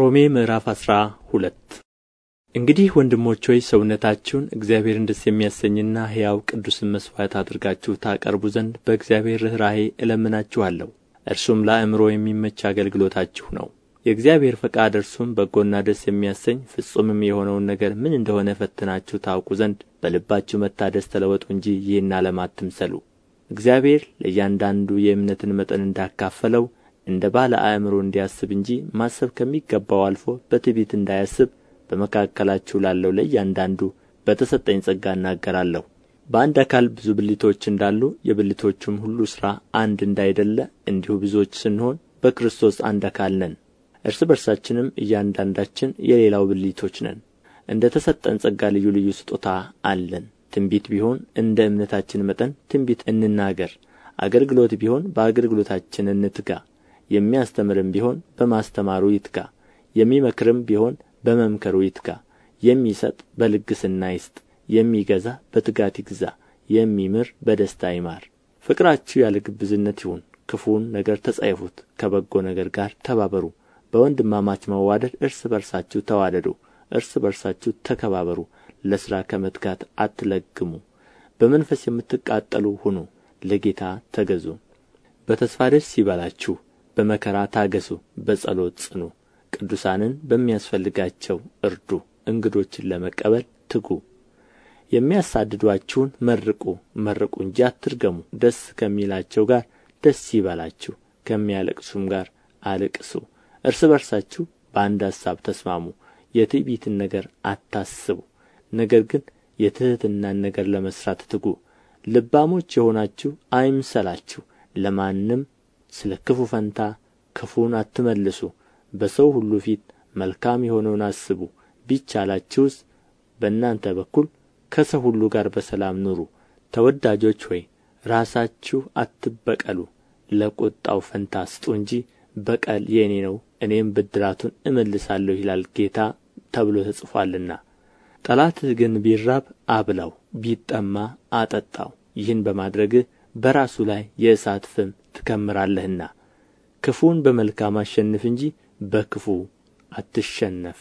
ሮሜ ምዕራፍ አስራ ሁለት እንግዲህ ወንድሞች ሆይ ሰውነታችሁን እግዚአብሔርን ደስ የሚያሰኝና ሕያው ቅዱስን መሥዋዕት አድርጋችሁ ታቀርቡ ዘንድ በእግዚአብሔር ርኅራኄ እለምናችኋለሁ። እርሱም ለአእምሮ የሚመች አገልግሎታችሁ ነው። የእግዚአብሔር ፈቃድ እርሱም በጎና ደስ የሚያሰኝ ፍጹምም የሆነውን ነገር ምን እንደሆነ ፈትናችሁ ታውቁ ዘንድ በልባችሁ መታደስ ተለወጡ እንጂ ይህን ዓለም አትምሰሉ። እግዚአብሔር ለእያንዳንዱ የእምነትን መጠን እንዳካፈለው እንደ ባለ አእምሮ እንዲያስብ እንጂ ማሰብ ከሚገባው አልፎ በትዕቢት እንዳያስብ በመካከላችሁ ላለው ለእያንዳንዱ በተሰጠኝ ጸጋ እናገራለሁ። በአንድ አካል ብዙ ብልቶች እንዳሉ የብልቶቹም ሁሉ ሥራ አንድ እንዳይደለ እንዲሁ ብዙዎች ስንሆን በክርስቶስ አንድ አካል ነን፣ እርስ በርሳችንም እያንዳንዳችን የሌላው ብልቶች ነን። እንደ ተሰጠን ጸጋ ልዩ ልዩ ስጦታ አለን። ትንቢት ቢሆን እንደ እምነታችን መጠን ትንቢት እንናገር። አገልግሎት ቢሆን በአገልግሎታችን እንትጋ። የሚያስተምርም ቢሆን በማስተማሩ ይትጋ የሚመክርም ቢሆን በመምከሩ ይትጋ የሚሰጥ በልግስና ይስጥ የሚገዛ በትጋት ይግዛ የሚምር በደስታ ይማር ፍቅራችሁ ያለ ግብዝነት ይሁን ክፉውን ነገር ተጸየፉት ከበጎ ነገር ጋር ተባበሩ በወንድማማች መዋደድ እርስ በርሳችሁ ተዋደዱ እርስ በርሳችሁ ተከባበሩ ለሥራ ከመትጋት አትለግሙ በመንፈስ የምትቃጠሉ ሁኑ ለጌታ ተገዙ በተስፋ ደስ ይበላችሁ በመከራ ታገሱ፣ በጸሎት ጽኑ ቅዱሳንን በሚያስፈልጋቸው እርዱ እንግዶችን ለመቀበል ትጉ የሚያሳድዷችሁን መርቁ መርቁ እንጂ አትርገሙ ደስ ከሚላቸው ጋር ደስ ይበላችሁ ከሚያለቅሱም ጋር አልቅሱ እርስ በርሳችሁ በአንድ ሐሳብ ተስማሙ የትዕቢትን ነገር አታስቡ ነገር ግን የትሕትናን ነገር ለመሥራት ትጉ ልባሞች የሆናችሁ አይምሰላችሁ ለማንም ስለ ክፉ ፈንታ ክፉን አትመልሱ በሰው ሁሉ ፊት መልካም የሆነውን አስቡ ቢቻላችሁስ በእናንተ በኩል ከሰው ሁሉ ጋር በሰላም ኑሩ ተወዳጆች ሆይ ራሳችሁ አትበቀሉ ለቁጣው ፈንታ ስጡ እንጂ በቀል የእኔ ነው እኔም ብድራቱን እመልሳለሁ ይላል ጌታ ተብሎ ተጽፏልና ጠላትህ ግን ቢራብ አብላው ቢጠማ አጠጣው ይህን በማድረግህ በራሱ ላይ የእሳት ፍም ትከምራለህና ክፉውን በመልካም አሸንፍ እንጂ በክፉ አትሸነፍ